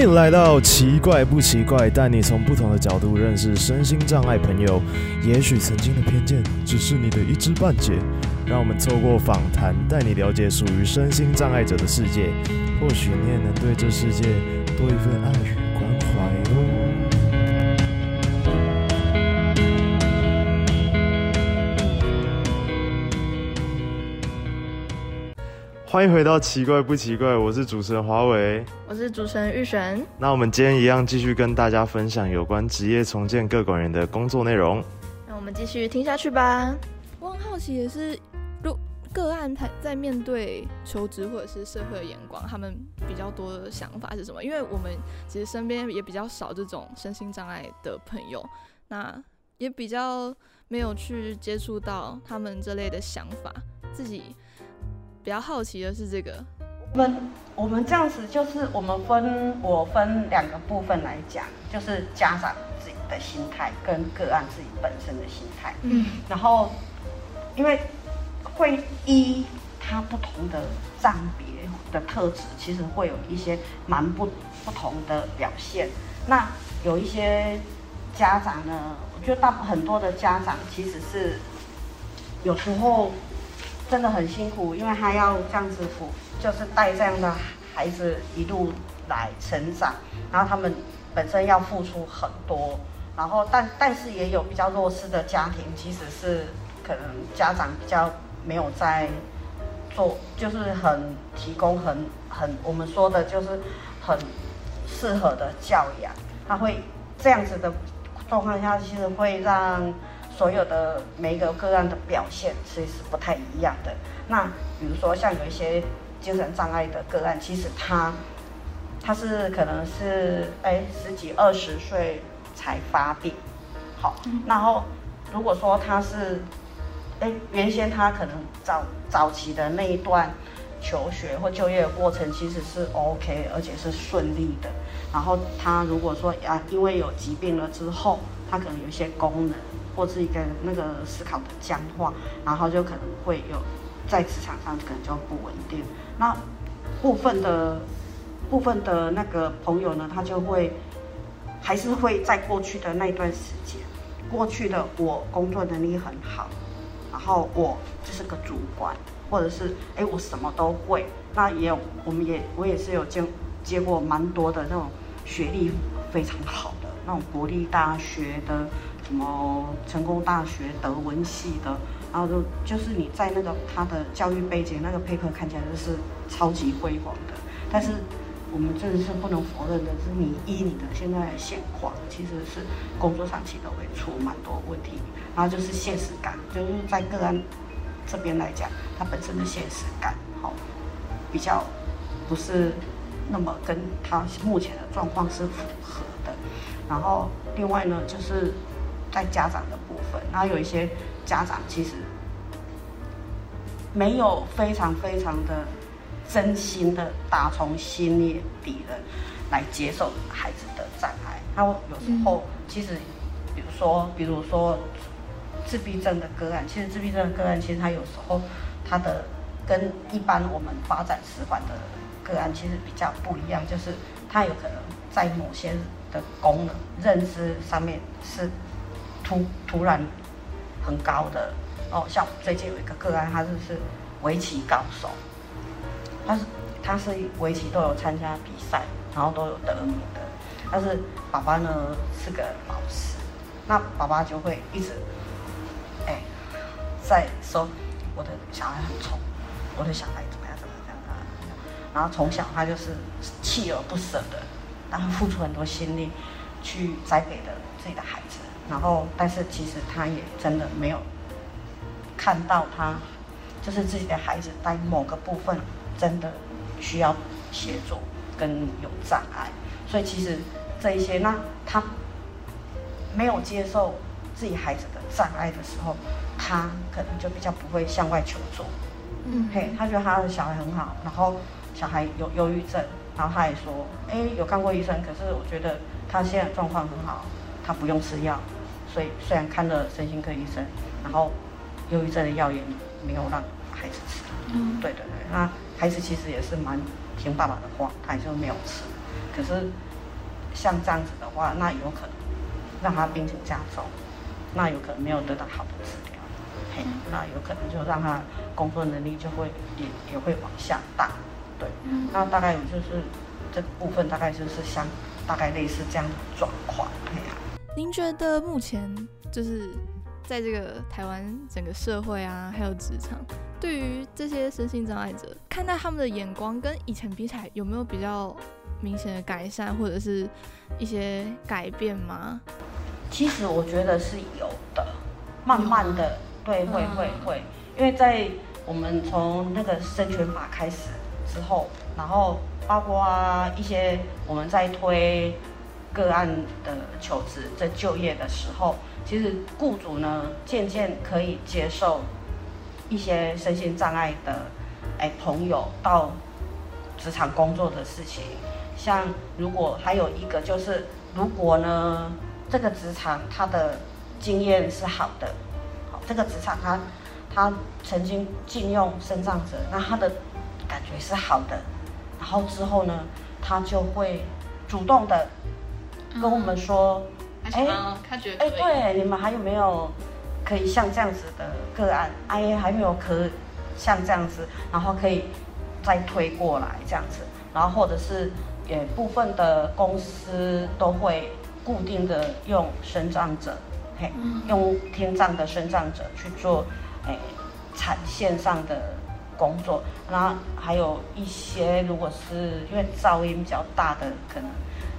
歡迎來到奇怪不奇怪，帶你從不同的角度認識身心障礙朋友。也許曾經的偏見只是你的一知半解，讓我們透過訪談帶你了解屬於身心障礙者的世界。或許你也能對這世界多一份愛。歡迎回到《奇怪不歧怪》，我是主持人驊瑋，我是主持人昱璇。那我們今天一樣繼續跟大家分享有關職業重建個管員的工作內容。那我們繼續聽下去吧。我很好奇，也是如個案在在面對求職或者是社會的眼光，他們比較多的想法是什麼？因為我們其實身邊也比較少這種身心障礙的朋友，那也比較沒有去接觸到他們這類的想法，自己。比較好奇的是這個，我們我們這樣子，就是我們分我分兩個部分來講，就是家長自己的心態跟個案自己本身的心態，嗯，然後因為會依他不同的障別的特質，其實會有一些蠻不不同的表現。那有一些家長呢，我覺得大部很多的家長其實是有時候。真的很辛苦，因為他要這樣子付，就是帶這樣的孩子一路來成長，然後他們本身要付出很多，然後但但是也有比較弱勢的家庭，其實是可能家長比較沒有在做，就是很提供很很我們說的就是很適合的教養，他會這樣子的狀況下，其實會讓。所有的每一個個案的表現其實是不太一樣的。那比如說像有一些精神障礙的個案，其實他他是可能是欸，十幾二十歲才發病。好，然後如果說他是欸，原先他可能早早期的那一段求學或就業的過程其實是 OK，而且是順利的。然後他如果說啊因為有疾病了之後，他可能有一些功能，或是一個那個思考的僵化，然後就可能會有在職場上可能就不穩定。那部分的部分的那個朋友呢，他就會還是會在過去的那段時間，過去的我工作能力很好，然後我就是個主管，或者是哎我什麼都會。那也有我們也我也是有見接，接過蠻多的那種學歷非常好的那種國立大學的。什麼成功大學德文系的，然後就就是你在那個他的教育背景那個 paper 看起來就是超級輝煌的，但是我們真的是不能否認的是，你依你的現在的現況，其實是工作上其實都會出蠻多問題，然後就是現實感，就是在個案這邊來講，他本身的現實感好、哦、比較不是那麼跟他目前的狀況是符合的，然後另外呢就是。在家長的部分，然後有一些家長其實沒有非常非常的真心的打從心底的來接受孩子的障礙。然後有時候其實比、嗯，比如說比如說自閉症的個案，其實自閉症的個案其實他有時候他的跟一般我們發展遲緩的個案其實比較不一樣，就是他有可能在某些的功能認知上面是。突突然，很高的哦，像我最近有一個個案，他就是圍棋高手，他是他是圍棋都有參加比賽，然後都有得名的，但是爸爸呢是個老師，那爸爸就會一直，哎、欸，在說我的小孩很聰明，我的小孩怎麼樣怎麼樣，怎麼樣，然後從小他就是鍥而不舍的，然後付出很多心力。去栽培的自己的孩子，然後，但是其實他也真的沒有看到他，就是自己的孩子在某個部分真的需要協助跟有障礙，所以其實這一些呢，他沒有接受自己孩子的障礙的時候，他可能就比較不會向外求助。嗯，嘿，他覺得他的小孩很好，然後小孩有憂鬱症。然後他也說，哎、欸，有看過醫生，可是我覺得他現在狀況很好，他不用吃藥，所以雖然看了身心科醫生，然後憂鬱症的藥也沒有讓孩子吃。嗯，對對對，那孩子其實也是蠻聽爸爸的話，他也就沒有吃。可是像這樣子的話，那有可能讓他病情加重，那有可能沒有得到好的治療，嘿、嗯，那有可能就讓他工作能力就會也也會往下掉。對，那大概就是、嗯、這個部分，大概就是像大概類似這樣的狀況。您覺得目前就是在這個台灣整個社會啊，還有職場，對於這些身心障礙者看待他們的眼光，跟以前比起來，有沒有比較明顯的改善或者是一些改變嗎？其實我覺得是有的，慢慢的，對，嗯、會會會，因為在我們從那個身權法開始，之後，然後包括一些我們在推個案的求職在就業的時候，其實雇主呢漸漸可以接受一些身心障礙的哎朋友到職場工作的事情。像如果還有一個就是，如果呢這個職場他的經驗是好的，好這個職場他他曾經禁用身障者，那他的。感覺是好的，然後之後呢，他就會主動的跟我們說，哎、嗯，哎、欸欸，對，你們還有沒有可以像這樣子的個案？哎、欸，還沒有可像這樣子，然後可以再推過來這樣子，然後或者是也部分的公司都會固定的用身障者，嘿、欸嗯，用聽障的身障者去做，哎、欸，產線上的。工作，然後還有一些，如果是因為噪音比較大的，可能，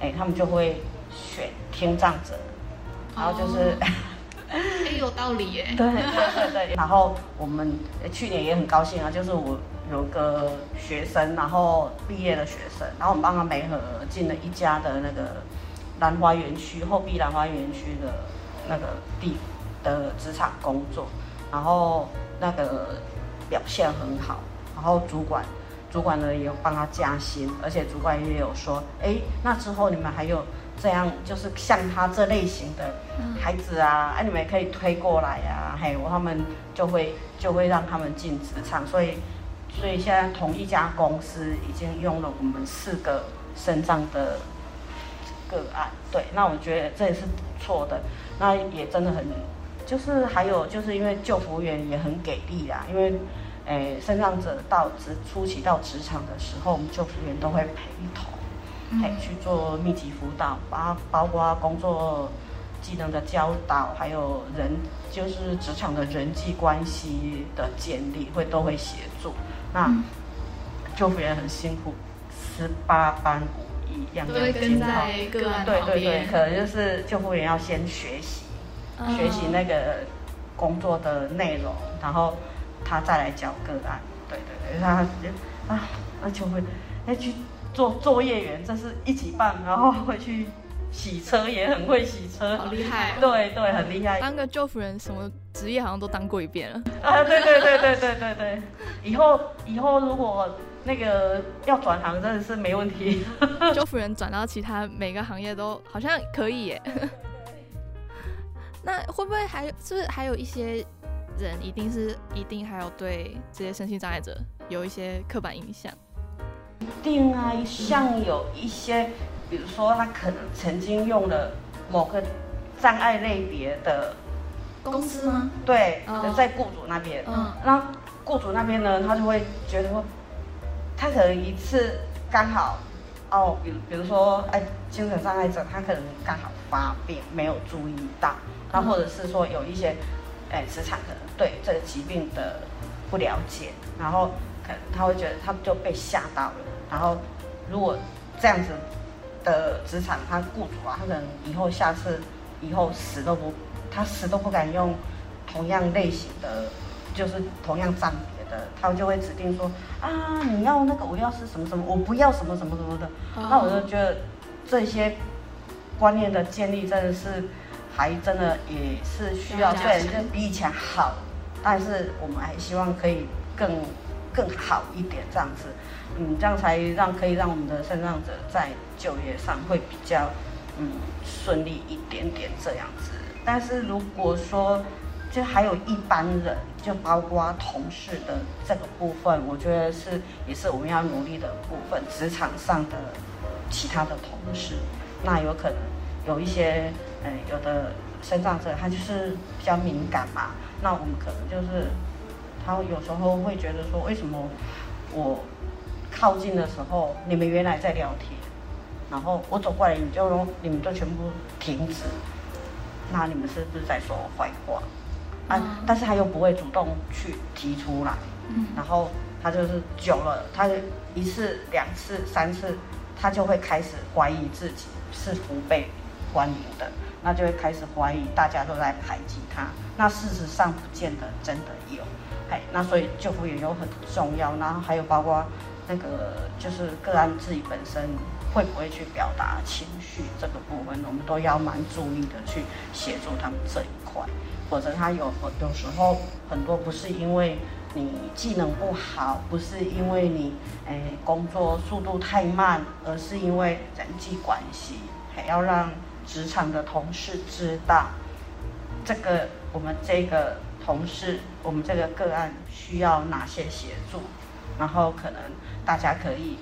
哎、欸，他們就會選聽障者，然後就是，很、哦、 有道理耶，對對對，對對對 然後我們、欸、去年也很高興啊，就是我有個學生，然後畢業的學生，然後我們幫他媒合進了一家的那個蘭花園區後壁蘭花園區的那個地的職場工作，然後那個。表現很好，然後主管，主管呢也幫他加薪，而且主管也有說，哎、欸，那之後，你們還有這樣，就是像他這類型的，孩子啊，哎、嗯啊，你們也可以推過來啊，還有他們就會就會讓他們進職場，所以，所以現在同一家公司已經用了我們四個身障的個案。對，那我覺得這也是不錯的，那也真的很。就是還有就是因為就服員也很給力啊，因為，誒，身障者到職初期到職場的時候，我們就服員都會陪同，陪、嗯、去做密集輔導，包包括工作技能的教導，還有人就是職場的人際關係的建立會都會協助。那、嗯、就服員很辛苦，十八般武藝，樣樣精通，兩個人跟在個案旁邊，對對對，可能就是就服員要先學習。學習那個工作的內容，然後他再來教個案，對對對，他就會會、啊、欸、去做作業員，這是一起辦，然後會去洗車，也很會洗車，好厲害，厲害哦、對對，很厲害，當個職管員什麼職業好像都當過一遍了，啊，對對對對對對對， 以後以後如果那個要轉行真的是沒問題， 職管員轉到其他每個行業都好像可以耶。那會不會還有？是不是還有一些人，一定是一定還有對這些身心障礙者有一些刻板印象？一定啊，像有一些、嗯，比如說他可能曾經用了某個障礙類別的公司嗎？對，哦就是、在雇主那邊。嗯。那雇主那邊呢，他就會覺得說，他可能一次剛好哦，比如比如說哎，精神障礙者他可能剛好發病，沒有注意到。他、嗯、或者是說有一些，哎、欸，職場可能對這個疾病的不了解，然後可能他會覺得他就被嚇到了。然後如果這樣子的職場，他雇主啊，他可能以後下次以後死都不他死都不敢用同樣類型的，就是同樣障別的，他就會指定說啊，你要那個我要是什麼什麼，我不要什麼什麼什麼的。那我就覺得這些觀念的建立真的是。還真的也是需要，雖然就比以前好，但是我們還希望可以更更好一點這樣子，嗯，這樣才讓可以讓我們的身障者在就業上會比較嗯順利一點點這樣子。但是如果說就還有一般人，就包括同事的這個部分，我覺得是也是我們要努力的部分，職場上的其他的同事，那有可能。有一些，嗯、呃，有的身障者他就是比較敏感嘛。那我們可能就是他有時候會覺得說，為什麼我靠近的時候，你們原來在聊天，然後我走過來，你就你們就全部停止。那你們是不是在說我壞話？啊，但是他又不會主動去提出來。嗯。然後他就是久了，他一次、兩次、三次，他就會開始懷疑自己是不被關迎的，那就會開始懷疑大家都在排擠他。那事實上不見得真的有。哎，那所以就服員也都很重要。然後還有包括那個就是個案自己本身會不會去表達情緒這個部分，我們都要蠻注意的去協助他們這一塊。否則他有很，有時候很多不是因為你技能不好，不是因為你哎工作速度太慢，而是因為人際關係，還要讓職場的同事知道這個，我們這個同事，我們這個個案需要哪些協助，然後可能大家可以，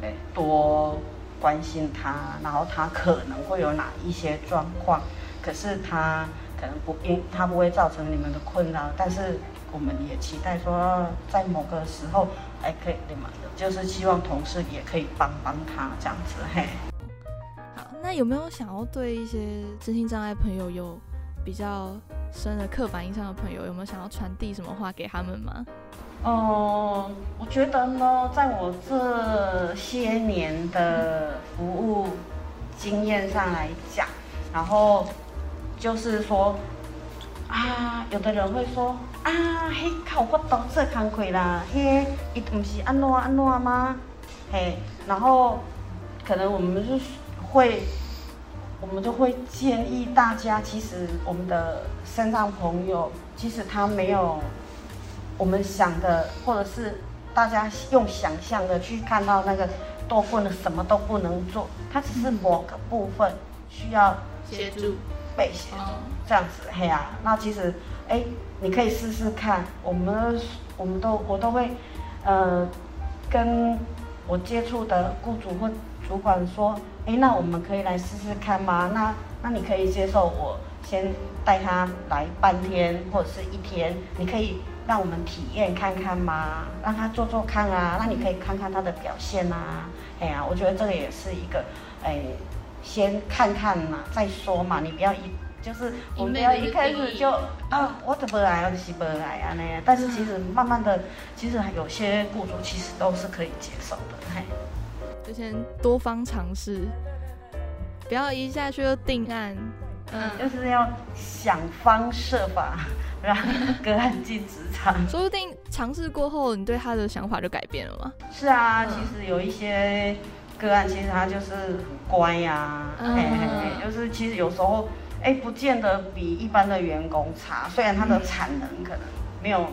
欸，多關心他，然後他可能會有哪一些狀況，可是他可能不因他不會造成你們的困擾，但是我們也期待說，在某個時候還可以你們就是希望同事也可以幫幫他這樣子，嘿。那有沒有想要對一些身心障礙朋友有比較深的刻板印象的朋友，有沒有想要傳遞什麼話給他們嗎？嗯、呃，我覺得呢，在我這些年的服務經驗上來講，然後就是說啊，有的人會說啊，嘿，看我過懂這康虧啦，嘿，你不是安諾安諾嗎？嘿，然後可能我們是會。我們就會建議大家，其實我們的身障朋友，即使他沒有我們想的，或者是大家用想象的去看到那個多困的什麼都不能做，他只是某個部分需要協助，協助被協助、哦，這樣子，嘿呀、啊，那其實，哎，你可以試試看，我們我們都我都會，呃，跟我接觸的雇主或。主管說：“哎、欸，那我們可以來試試看嗎？那那你可以接受我先帶他來半天或者是一天，你可以讓我們體驗看看嗎？讓他做做看啊，那你可以看看他的表現啊。哎、嗯、呀、啊，我覺得這個也是一個，哎、欸，先看看嘛，再說嘛，嗯、你不要一就是我們不要一開始就啊，我怎麼來，我就是不來啊那樣。但是其實慢慢的，嗯、其實有些雇主其實都是可以接受的，嘿。”就先多方嘗試，不要一下去就定案，嗯，就是要想方設法讓個案進職場， 說不定嘗試過後，你對他的想法就改變了嗎？是啊，其實有一些個案，其實他就是很乖呀，啊，嗯，欸，就是其實有時候，欸，不見得比一般的員工差，雖然他的產能可能沒有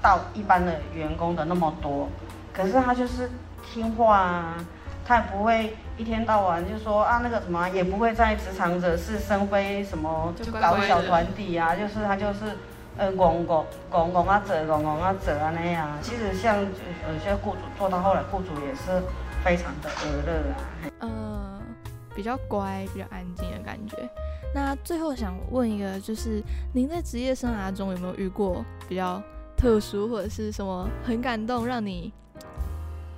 到一般的員工的那麼多，可是他就是聽話啊。他也不會一天到晚就說啊那個什麼，也不會在職場惹是生非什麼，就搞小團體啊，就是他就是，呃，拱拱拱拱啊折拱拱啊折啊那樣、啊。其實像有些雇主做到後來，雇主也是非常的和樂啊、呃，嗯，比較乖，比較安靜的感覺。那最後想問一個，就是您在職業生涯中有沒有遇過比較特殊或者是什麼很感動讓你？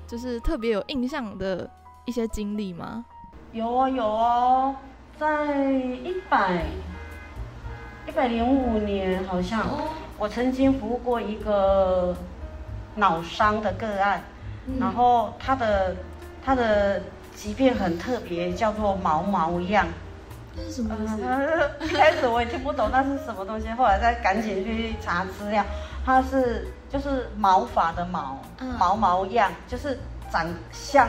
就是特別有印象的一些經歷嗎？有啊、哦、有哦，在一百一百零五年好像、哦，我曾經服務過一個腦傷的個案，嗯、然後他的他的疾病很特別，叫做毛毛樣，是什麼東西、呃？一開始我也聽不懂那是什麼東西， 後來再趕緊去查資料，他是。就是毛髮的毛，毛毛樣，嗯、就是長像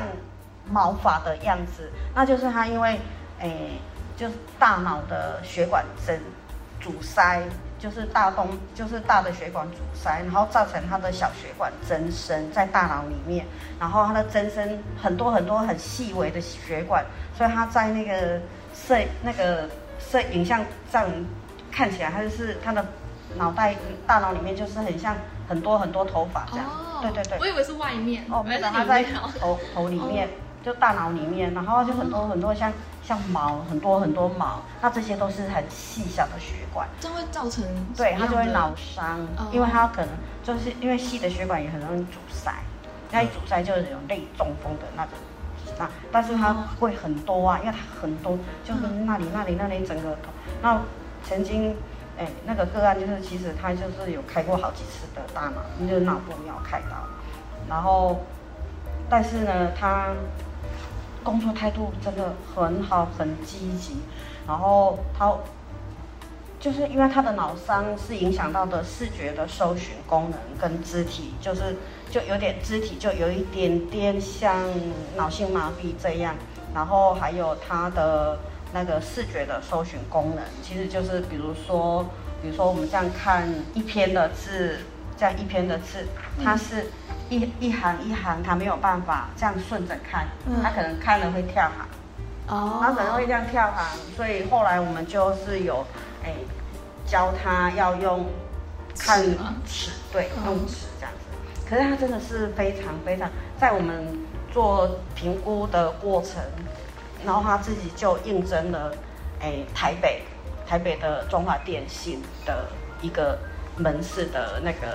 毛髮的樣子。那就是它因為，誒，就是大腦的血管針阻塞，就是大動，就是大的血管阻塞，然後造成它的小血管增生在大腦裡面。然後它的增生很多很多很細微的血管，所以它在那個攝那個攝影像上看起來，他就是它的腦袋大腦裡面就是很像。.很多很多頭髮這樣，對對，oh, 對對對，我以為是外面哦，沒有，oh，它在頭頭裡面，oh. 就大腦裡面，然後就很多很多像，oh. 像毛，很多很多毛，那這些都是很細小的血管，這樣會造成樣對，它就會腦傷，oh. 因為它可能就是因為細的血管也很容易阻塞，它一阻塞就是有類中風的那種，個，那但是它會很多啊，因為它很多，就是那裡那裡那裡整個頭，oh. 那曾經。哎、欸，那個個案就是，其實他就是有開過好幾次的大腦，就是腦部沒有開刀，然後，但是呢，他工作態度真的很好，很積極，然後他就是因為他的腦傷是影響到的視覺的搜尋功能跟肢體，就是就有點肢體就有一點點像腦性麻痹這樣，然後還有他的。那個視覺的搜尋功能，其實就是比如說，比如說我們這樣看一篇的字，這樣一篇的字，嗯、它是一一行一行，它沒有辦法這樣順着看，嗯，它可能看了會跳行，哦，它可能會這樣跳行，所以後來我們就是有，哎、欸，教他要用看尺，尺對，嗯，用尺這樣子，可是他真的是非常非常，在我們做評估的過程。然後他自己就應徵了，哎，台北，台北的中華電信的一個門市的那個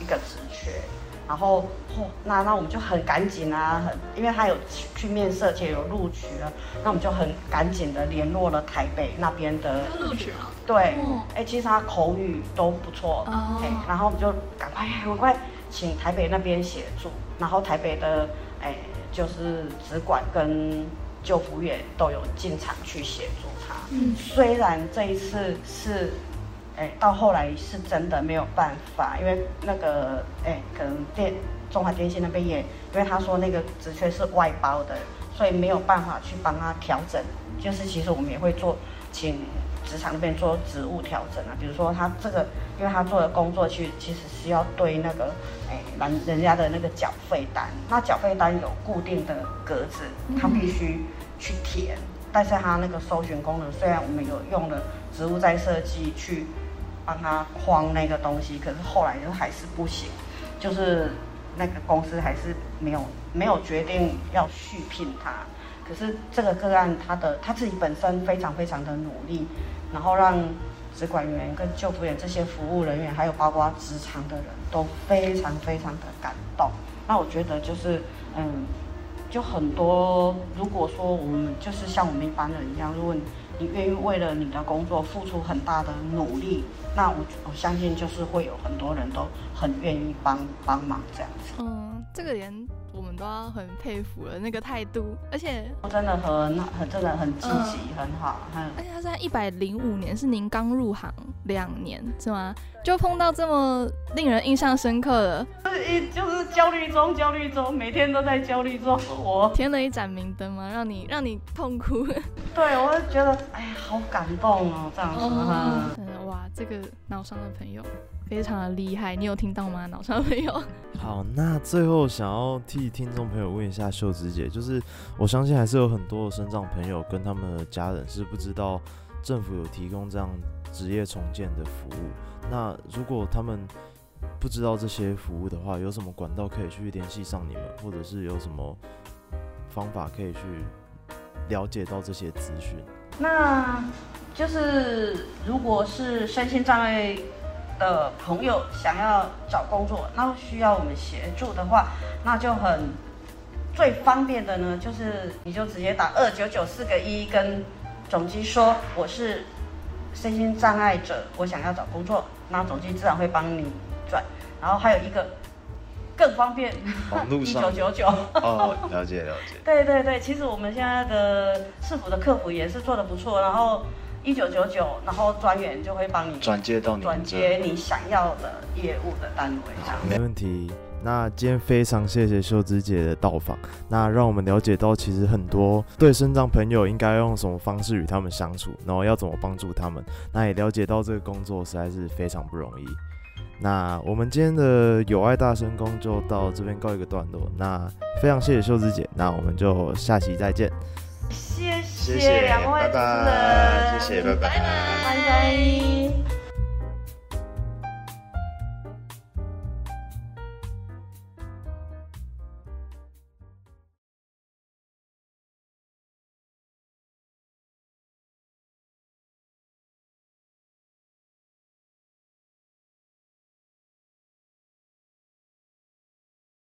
一個職缺。然後嚯、哦，那那我們就很趕緊啊，很，因為他有去面試且有錄取了、啊，那我們就很趕緊的聯絡了台北那邊的錄取了。對、嗯，哎，其實他口語都不錯，哦、哎，然後我們就趕快趕、哎、快請台北那邊協助，然後台北的哎就是職管跟。就服員都有進場去協助他、嗯，雖然這一次是，哎、欸，到後來是真的沒有辦法，因為那個，哎、欸，可能電中華電信那邊也，因為他說那個職缺是外包的。所以沒有辦法去幫他調整，就是其實我們也會做，請職場那邊做職務調整啊。比如說他這個，因為他做的工作去，其實是要對那個，哎，人人家的那個繳費單，那繳費單有固定的格子，他必須去填，嗯。但是他那個搜尋功能，雖然我們有用了職務再設計去幫他框那個東西，可是後來就還是不行，就是那個公司還是沒有。沒有決定要續聘他，可是這個個案，他的他自己本身非常非常的努力，然後讓，職管員跟就服員這些服務人員，還有包括職場的人都非常非常的感動。那我覺得就是，嗯，就很多，如果說我們就是像我們一般人一樣，如果你願意為了你的工作付出很大的努力，那我我相信就是會有很多人都很願意幫幫忙這樣子。嗯，這個人。我要很佩服的那個態度，而且我真的很、很真的很積極、嗯，很好，很。而且他現在一百零五年是您剛入行兩年是嗎？就碰到這麼令人印象深刻的，就是一就是焦慮中，焦慮中，每天都在焦慮中。我添了一盞明燈嗎？讓你讓你痛哭。對，我就覺得哎呀，好感動哦、喔，這樣說。好好好呵呵這個腦傷的朋友非常的厲害，你有聽到嗎？腦傷的朋友，好，那最後想要替聽眾朋友問一下秀枝姐，就是我相信還是有很多的身障朋友跟他們的家人是不知道政府有提供這樣職業重建的服務，那如果他們不知道這些服務的話，有什麼管道可以去聯繫上你們，或者是有什麼方法可以去了解到這些資訊？那就是，如果是身心障礙的朋友想要找工作，那需要我們協助的話，那就很，最方便的呢，就是你就直接打二九九四個一跟總機說我是身心障礙者，我想要找工作，那總機自然會幫你轉。然後還有一個。更方便。一九九九。路上1999，哦， 了解了解。對對對，其實我們現在的市府的客服也是做得不錯。然後一九九九，然後專員就會幫你轉接到你轉接你想要的業務的單位。沒問題。那今天非常謝謝秀枝姐的到訪，那讓我們了解到其實很多對身障朋友應該用什麼方式與他們相處，然後要怎麼幫助他們。那也了解到這個工作實在是非常不容易。那我們今天的有礙大聲公就到這邊告一個段落。那非常謝謝秀枝姐，那我們就下期再見。謝謝，兩位拜拜，拜拜，謝謝，拜拜，拜拜。拜拜。